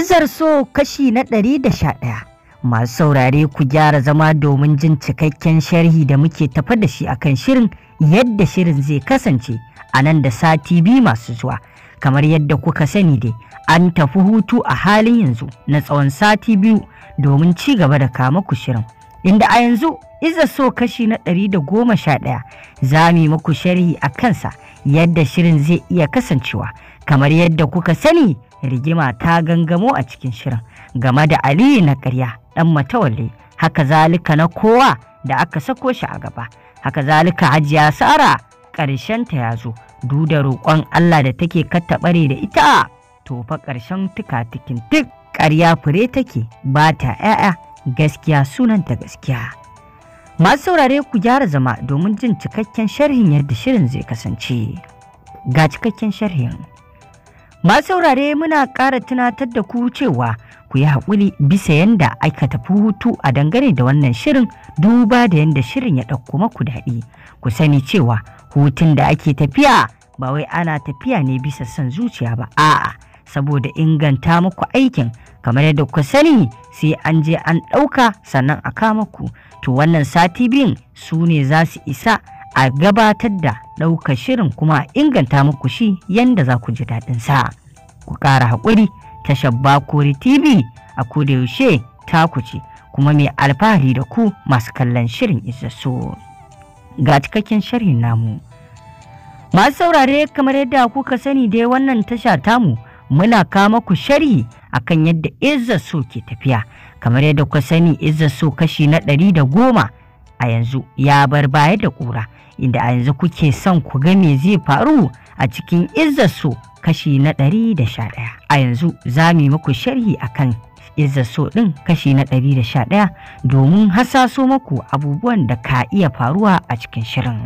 Izzar so kashi na ɗari da sha ɗaya. Masu saurare ku gyara zama domin jin cikakken sharhi da muke tafa da shi akan shirin yadda shirin zai kasance a nan da sati biyu masu zuwa. Kamar yadda kuka sani dai an tafi hutu a halin yanzu na tsawon sati biyu domin ci gaba da kama ku shirin. Inda a yanzu Iza so kashi na ɗari da goma sha ɗaya za mu yi muku sharhi a kansa yadda shirin zai iya kasancewa kamar yadda kuka sani rigima ta gangamo a cikin shirin game da aliyu na ƙarya ɗan matawalle haka zalika na kowa da aka sako shi a gaba haka zalika hajiya sara ƙarshenta ya zo Duda roƙon allah da take ɓare da ita to fa ƙarshen tuka tikin duk ƙarya fure take ba ta 'ya'ya gaskiya sunanta gaskiya masu saurare ku gyara zama domin jin cikakken sharhin yadda shirin zai kasance ga cikakken sharhin Masu saurare muna ƙara tunatar da ku cewa ku yi haƙuri bisa yadda aka tafi hutu a dangane da wannan shirin duba da yadda shirin ya ɗauko maku daɗi. Ku sani cewa hutun da ake tafiya ba wai ana tafiya ne bisa son zuciya ba a'a saboda inganta muku aikin kamar yadda ku sani sai an je an ɗauka sannan a kama ku to wannan sati biyun su ne za su isa a gabatar da ɗaukar shirin kuma a inganta muku shi yadda za ku ji daɗin sa. Ku ƙara haƙuri tashar Bakori TV a kodayaushe ku ce kuma mai alfahari da ku masu kallon shirin isassu. Ga cikakken sharhin namu. Masu saurare kamar yadda kuka sani dai wannan tasha tamu muna kama ku sharhi akan yadda izzaso ke tafiya kamar yadda kuka sani izzaso kashi na ɗari da goma a yanzu ya bar baya da ƙura inda a yanzu kuke son ku ga me zai faru a cikin izzar kashi na ɗari da sha ɗaya. a yanzu za mu yi muku sharhi a kan so ɗin kashi na ɗari da sha ɗaya domin hasaso maku abubuwan da ka iya faruwa a cikin shirin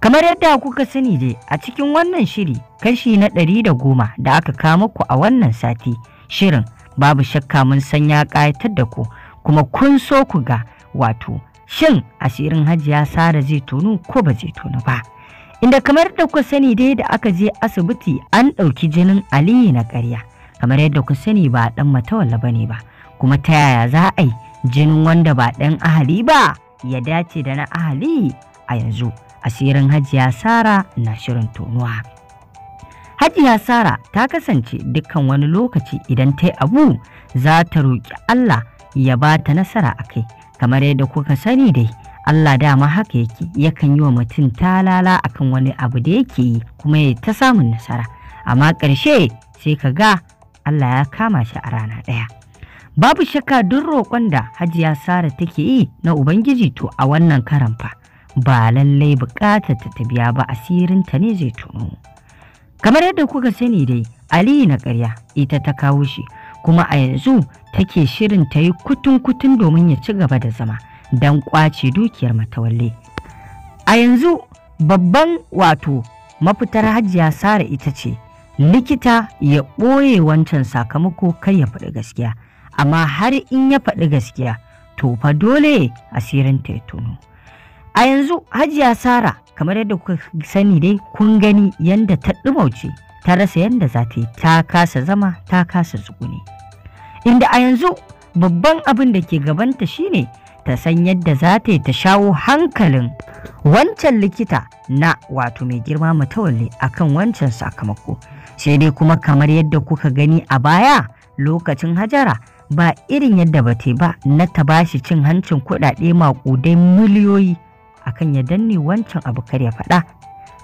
kamar yadda kuka sani dai a cikin wannan shiri kashi na ɗari da goma da aka kawo muku a wannan sati shirin babu shakka mun san ya ƙayatar da ku kuma kun so ku ga wato shin asirin hajiya sara zai tonu ko ba zai tonu ba inda kamar da ku sani dai da aka je asibiti an ɗauki jinin aliyu na ƙarya kamar yadda ku sani ba ɗan matawalla ba ne ba kuma ta yaya za a yi jinin wanda ba ɗan ahali ba ya dace da na ahali a yanzu asirin hajiya sara na shirin tonuwa hajiya sara ta kasance dukkan wani lokaci idan ta yi abu za ta roƙi allah ya ba ta nasara a kai kamar yadda kuka sani dai Allah dama haka yake yakan yi wa mutum talala akan wani abu da yake yi kuma ya ta samun nasara amma ƙarshe sai ka ga Allah ya kama shi a rana ɗaya babu shakka duk roƙon da hajiya sara take yi na ubangiji to a wannan karan fa ba lallai buƙatar ta ta biya ba asirinta ne zai tuno kamar yadda kuka sani dai aliyu na ƙarya ita ta kawo shi kuma a yanzu take shirin ta yi kutun-kutun domin ya ci gaba da zama don kwace dukiyar matawalle. A yanzu babban wato mafitar hajiya Sara ita ce likita ya ɓoye wancan sakamako kai ya faɗi gaskiya, amma har in ya faɗi gaskiya to fa dole asirin ta ya tono. A yanzu hajiya Sara kamar yadda kuka sani dai kun gani yadda ta ɗumauce ta rasa yadda za ta yi ta kasa zama ta kasa tsuguni. inda a yanzu babban abin da ke gabanta shine ta san yadda za ta yi ta shawo hankalin wancan likita na wato mai girma matawalle akan wancan sakamako sai dai kuma kamar yadda kuka gani a baya lokacin hajara ba irin yadda ba ba na ta bashi cin hancin kuɗaɗe maƙudai miliyoyi akan ya danne wancan abu kar ya faɗa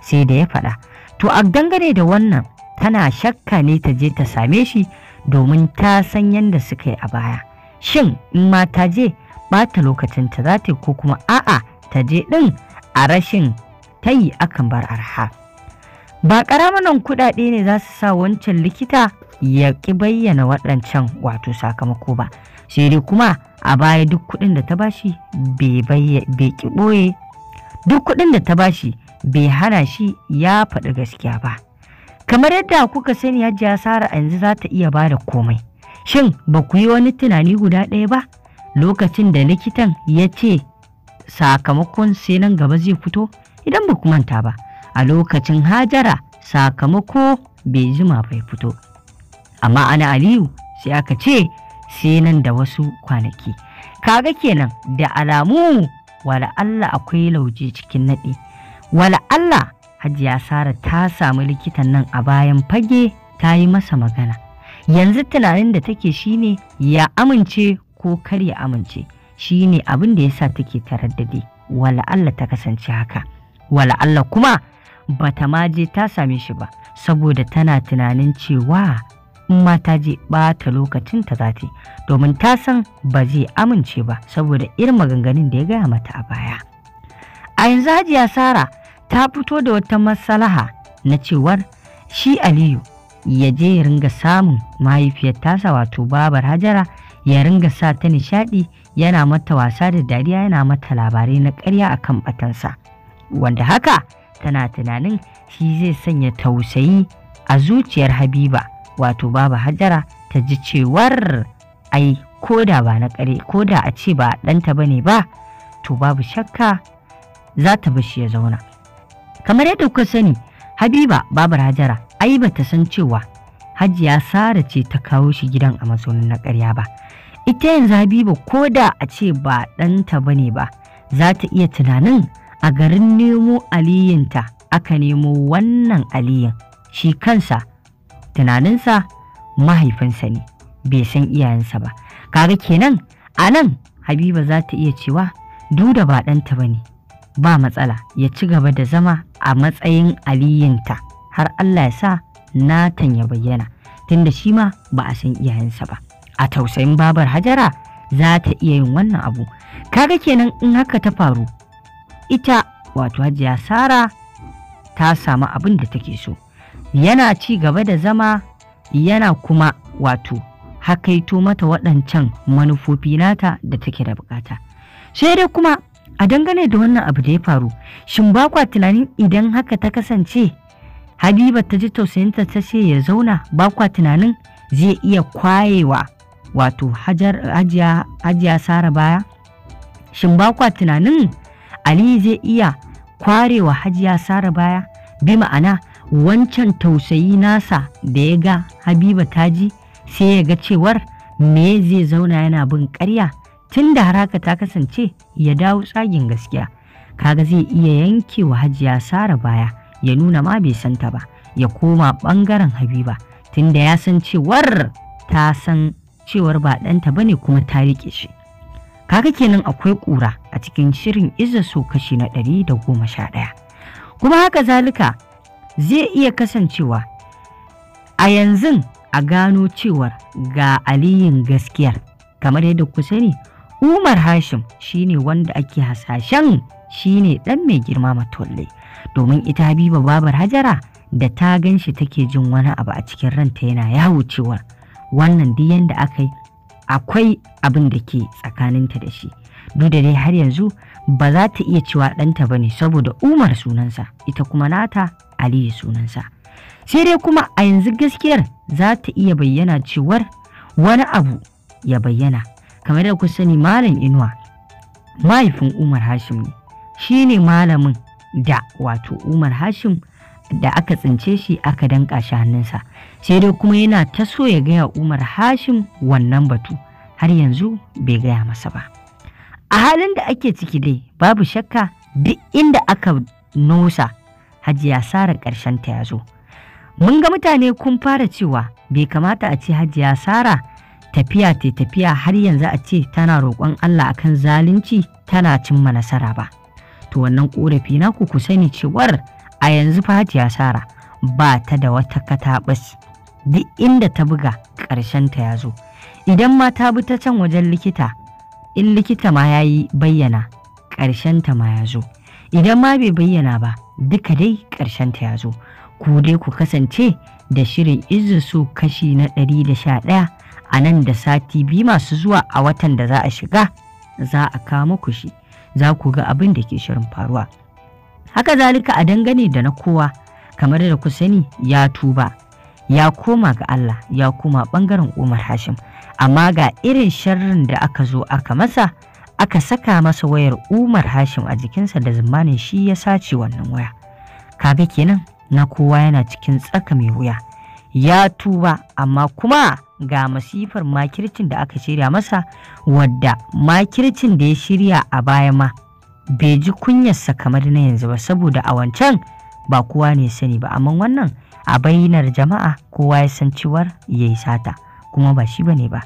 sai da ya faɗa to a dangane da wannan tana shakka ne ta je ta same shi domin ta san yadda suka yi a baya shin in ma ta je ɓata lokacinta za ta ko kuma a'a ta je ɗin a rashin ta yi akan bar arha ba ƙaramanan kuɗaɗe ne za su sa wancan likita ya ƙi bayyana waɗancan wato sakamako ba sai dai kuma a baya duk kuɗin da ta bashi bai ƙi ɓoye duk kuɗin da ta bashi bai hana shi ya faɗi gaskiya ba kamar yadda kuka sani hajiya sara a yanzu za ta iya ba da komai shin ba ku yi wani tunani guda ɗaya ba lokacin da likitan ya ce sakamakon sai nan gaba zai fito idan ba ku manta ba a lokacin hajara sakamako bai jima bai fito amma ana aliyu sai aka ce sai nan da wasu kwanaki kaga kenan da alamu wala Allah akwai lauje cikin naɗi wala Allah hajiya sara ta samu likitan nan a bayan fage ta yi masa magana yanzu tunanin da take shi ne ya amince ko kar ya amince shi ne abin da ya sa take taraddade wala Allah ta kasance haka wala Allah kuma bata ma je ta same shi ba saboda tana tunanin cewa in ma ta je ɓata lokacin ta za ta domin ta san ba zai amince ba saboda irin maganganun da ya gaya mata a baya a yanzu hajiya sara ta fito da wata matsalaha na cewar shi aliyu ya je ya ringa samun mahaifiyar tasa wato babar hajara ya ringa sa ta nishaɗi yana mata wasa da dariya yana mata labarai na ƙarya akan batansa wanda haka tana tunanin shi zai sanya tausayi a zuciyar habiba wato baba hajara ta ji cewar ai koda ba na ƙare koda a ce ba ɗanta bane ba to babu shakka za ta bashi ya zauna Kamar yadda kuka sani, Habiba babar Hajara ai bata san cewa Hajiya Sara ce ta kawo shi gidan a masonin na karya ba. Ita yanzu Habiba ko da a ce ba ɗanta ba ne ba, za ta iya tunanin a garin nemo aliyinta aka nemo wannan aliyin shi kansa tunaninsa mahaifinsa ne bai san iyayensa ba kaga kenan a nan habiba za ta iya cewa duda ba ɗanta ba ne ba matsala ya ci gaba da zama a matsayin aliyinta har Allah ya sa Natan ya bayyana tunda shi ma ba a san iyayensa ba a tausayin babar Hajara za ta iya yin wannan abu kaga kenan in haka ta faru ita wato Hajiya Sara ta samu abin da take so yana ci gaba da zama yana kuma wato hakaito mata waɗancan manufofi nata da take da bukata sai dai kuma a dangane da wannan abu da ya faru shin ba kwa tunanin idan haka ta kasance habiba ta ji tausayinta ta ce ya zauna ba kwa tunanin zai iya kwayewa wato hajiya sara baya shin ba kwa tunanin ali zai iya kwarewa hajiya sara baya bi ma'ana wancan tausayi nasa da ya ga habiba ta ji sai ya ga cewar me zai zauna yana bin karya tun da haraka ta kasance ya dawo tsagin gaskiya kaga zai iya yanke wa hajiya sara baya ya nuna ma bai santa ba ya koma bangaren habiba tun da ya san cewar ta san cewar ba ɗanta ba ne kuma ta riƙe shi kaga kenan akwai ƙura a cikin shirin iza so kashi na ɗari da goma sha ɗaya kuma haka zalika zai iya kasancewa a yanzu a gano cewar ga aliyin gaskiyar kamar yadda ku sani Umar Hashim shine wanda ake hasashen shi ne ɗan mai girma matolle domin ita Habiba babar Hajara da ta gan shi take jin wani abu a cikin ranta yana yawo cewar wannan duk yadda aka yi akwai abin da ke tsakaninta da shi duk da dai har yanzu ba za ta iya cewa ɗanta ba ne saboda umar sunansa ita kuma nata aliyu sunansa sai dai kuma a yanzu gaskiyar za ta iya bayyana cewar wani abu ya bayyana kamar da ku sani malam inuwa mahaifin umar hashim ne shi ne malamin da wato umar hashim da aka tsince shi aka danka shi hannunsa sai dai kuma yana ta so ya gaya umar hashim wannan batu har yanzu bai gaya masa ba a halin da ake ciki dai babu shakka duk inda aka nosa hajiya sara karshen ta ya zo mun ga mutane kun fara cewa bai kamata a ce hajiya sara tafiya ta tafiya har yanzu a ce tana roƙon Allah akan zalunci tana cimma nasara ba. To wannan ƙorafi na ku sani cewar a yanzu Fatiya Sara ba ta da wata katabas duk inda ta buga ƙarshen ta ya Idan ma ta bi ta can wajen likita, in likita ma ya yi bayyana ƙarshen ta ma yazo Idan ma bai bayyana ba, duka dai ƙarshen ta ya Ku dai ku kasance da shirin izu su kashi na ɗari da sha ɗaya. a nan da sati biyu masu zuwa a watan da za a shiga za a kama kushi za ku ga abin da ke shirin faruwa haka zalika a dangane da na kowa kamar da ku sani ya tuba ya koma ga Allah ya koma bangaren Umar Hashim amma ga irin sharrin da aka zo aka masa aka saka masa wayar Umar Hashim a jikinsa da zamanin shi ya sace wannan waya kaga kenan na kowa yana cikin tsaka mai wuya ya tuba amma kuma ga masifar makircin da aka shirya masa wadda makircin da ya shirya a baya ma bai ji kunyarsa kamar na yanzu ba saboda a wancan ba kowa ne sani ba amma wannan a bayyanar jama'a kowa ya san cewar ya yi sata kuma ba shi ba ne ba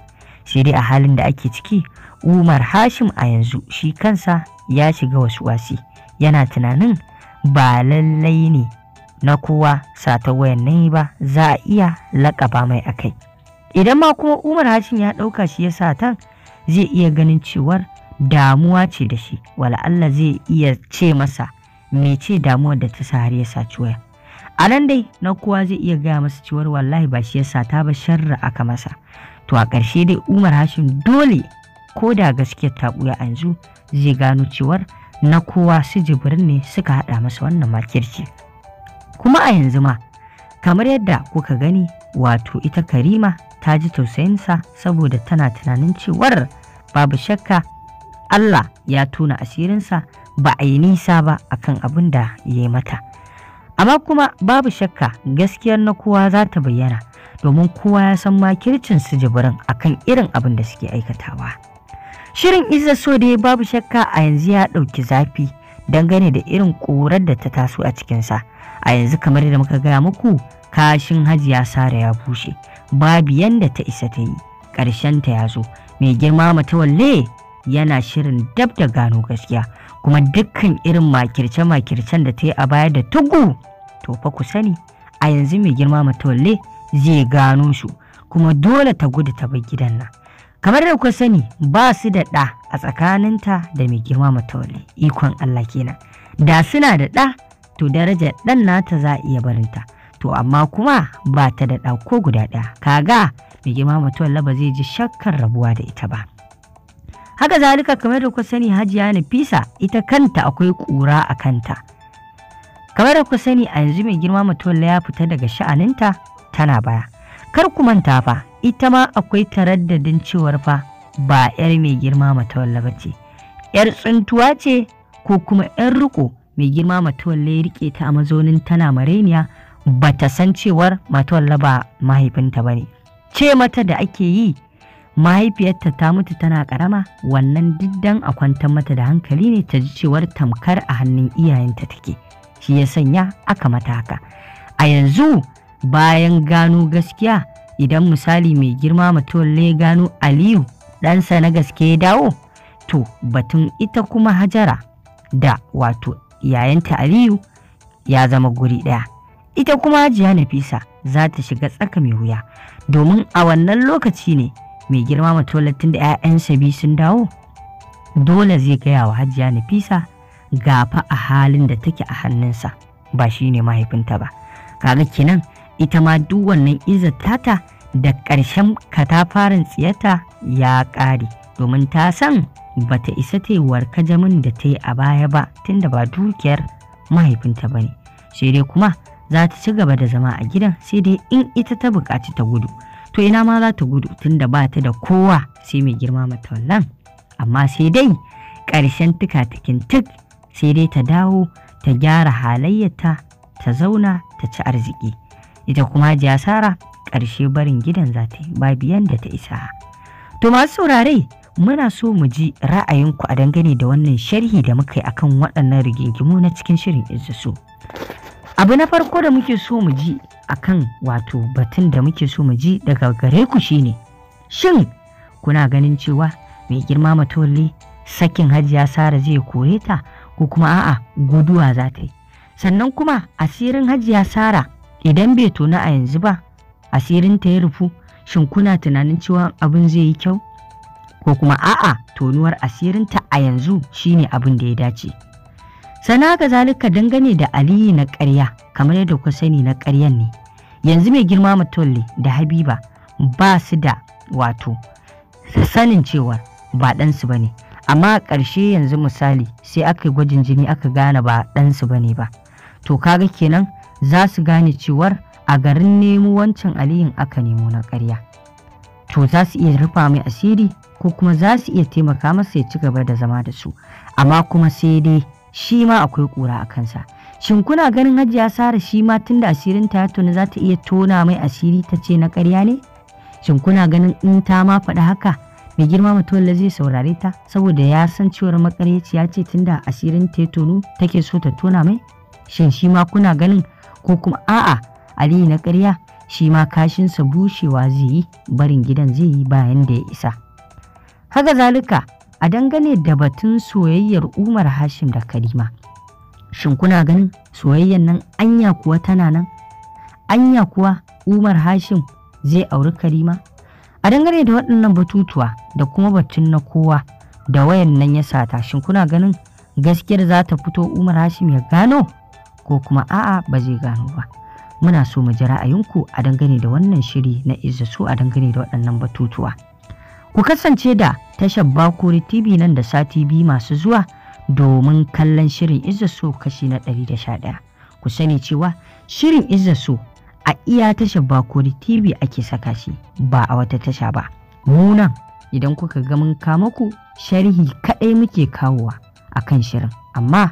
sai dai a halin da ake ciki umar hashim a yanzu shi kansa ya shiga wasu wasi yana tunanin ba lallai ne na kowa sata wayan nan ba za a iya laƙaba mai akai. idan ma kuma umar hashim ya ɗauka shi ya satan zai iya ganin cewar damuwa ce da shi wala Allah zai iya ce masa ce damuwar da ta sa har ya saci waya a nan dai na kowa zai iya gaya masa cewar wallahi ba shi ya sata ba sharra aka masa to a ƙarshe dai umar hashim dole ko da gaskiyar ta ɓuya yanzu zai gano cewar na kowa su jibirin ne suka haɗa masa wannan makirci kuma a yanzu ma kamar yadda kuka gani wato ita karima ta ji tausayinsa saboda tana tunanin cewar babu shakka Allah ya tona asirinsa ba a yi nisa ba akan abin da ya yi mata amma kuma babu shakka gaskiyar na kowa za ta bayyana domin kowa ya san makircin su jibirin kan irin abin da suke aikatawa shirin izza so dai babu shakka a yanzu ya ɗauki zafi dangane da irin ƙorar da ta taso a cikinsa. a yanzu kamar da muka gaya muku kashin hajiya sara ya bushe babu yanda ta isa ta yi ƙarshenta ya zo mai girma matawalle yana shirin dab da gano gaskiya kuma dukkan irin makirce-makircen da ta yi a baya da tugu to fa ku sani a yanzu mai girma matawalle zai gano su kuma dole ta gudu ta bar gidan nan kamar da kuka sani ba su da ɗa a tsakaninta da mai girma matawalle ikon Allah kenan da suna da ɗa to darajar ɗan nata za a iya barinta to amma kuma ba ta da ɗauko guda ɗaya kaga mai girma mutuwar ba zai ji shakkar rabuwa da ita ba haka zalika kamar da ku sani hajiya nafisa ita kanta akwai ƙura a kanta kamar da ku sani a yanzu mai girma mutuwar ya fita daga sha'aninta tana baya kar ku manta fa ita ma akwai taraddadin cewar fa ba 'yar mai girma matawalla ba ce 'yar tsuntuwa ce ko kuma yar riko mai girma matuwar ya rike ta a mazonin tana mareniya ba ta san cewar matuwalle ba mahaifinta ba ne ce mata da ake yi mahaifiyarta ta mutu tana karama wannan diddan a kwantar mata da hankali ne ta ji cewar tamkar a hannun iyayenta take shi ya sanya aka mata haka a yanzu bayan gano gaskiya idan misali mai girma matuwar ya gano aliyu ɗansa na gaske ya dawo to batun ita kuma hajara da wato yayanta Aliyu ya zama guri ɗaya. Ita kuma Hajiya Nafisa za ta shiga tsaka mai wuya domin a wannan lokaci ne mai girma matolatin da 'ya'yansa biyu sun dawo. Dole zai gaya wa Hajiya Nafisa gafa a halin da take a hannunsa ba shi ne mahaifinta ba. Kaga kenan ita ma duk wannan izatata da ƙarshen katafarin tsiyata ya ƙare domin ta san ba ta isa ta kajamin da ta yi a baya ba tunda ba dukiyar mahaifinta ba ne sai dai kuma za ta ci gaba da zama a gidan sai dai in ita ta buƙaci ta gudu to ina ma za ta gudu tunda ba ta da kowa sai mai girma mata wallan amma sai dai ƙarshen tuka-tukin tuk sai dai ta dawo ta gyara halayyata ta zauna ta ci arziki ita kuma jiya sara ƙarshe barin gidan za ta yi babu da ta isa to masu saurare muna so mu ji ra'ayinku a dangane da wannan sharhi da muka yi akan waɗannan rigingimu na cikin shirin so. abu na farko da muke so mu ji akan wato batun da muke so mu ji daga gare ku shine shin kuna ganin cewa mai girma matoli sakin hajiya sara zai kore ta ko kuma a'a guduwa za ta yi sannan kuma asirin hajiya sara idan bai tona a yanzu ba asirin ta ya rufu shin kuna tunanin cewa abin zai yi kyau ko kuma a'a tonuwar asirinta a yanzu shine abin da ya dace sana ga zalika dangane da aliyu na ƙarya kamar yadda ku sani na ƙaryan ne yanzu mai girma mutulle da habiba ba su da wato sanin cewar ba ɗansu ba ne amma a ƙarshe yanzu misali sai aka yi gwajin jini aka gane ba ɗansu ba ne ba to kaga kenan za su gane cewar a garin nemo wancan aliyin aka nemo na ƙarya to za su iya rufa mai asiri ko kuma za su iya taimaka masa ya ci gaba da zama da su amma kuma sai dai shi ma akwai kura a kansa shin kuna ganin hajiya sara shi ma tunda asirin ta ya tona za ta iya tona mai asiri ta ce na karya ne shin kuna ganin in ta ma faɗi haka mai girma da zai saurare ta saboda ya san cewar makaryaciya ce tunda asirin ta tonu take so ta tona mai shin shi ma kuna ganin ko kuma a'a aliyu na karya? shi ma kashinsa bushewa zai yi barin gidan zai yi bayan da ya isa Haga zalika a dangane da batun soyayyar umar hashim da karima shin kuna ganin soyayyar nan anya kuwa tana nan anya kuwa umar hashim zai auri karima a dangane da waɗannan batutuwa da kuma batun na kowa da wayan nan ya sata shin kuna ganin gaskiyar za ta fito umar hashim ya gano ko kuma a'a ba zai gano ba muna so mu ji ra'ayinku a dangane da wannan shiri na izza su a dangane da waɗannan batutuwa ku kasance da tashar bakuri tv nan da sati biyu masu zuwa domin kallon shirin izza su kashi na ɗari da sha ɗaya. ku sani cewa shirin izza su a iya tashar bakuri tv ake saka shi ba a wata tasha ba munan idan kuka ga mun kama ku sharhi kaɗai muke kawowa akan shirin amma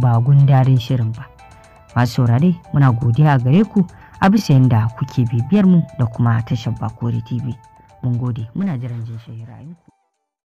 ba gundarin shirin ba masu saurare muna godiya gare ku a bisa yadda kuke bibiyar mu da kuma tashar bakori tv mun gode muna jiran jin shahira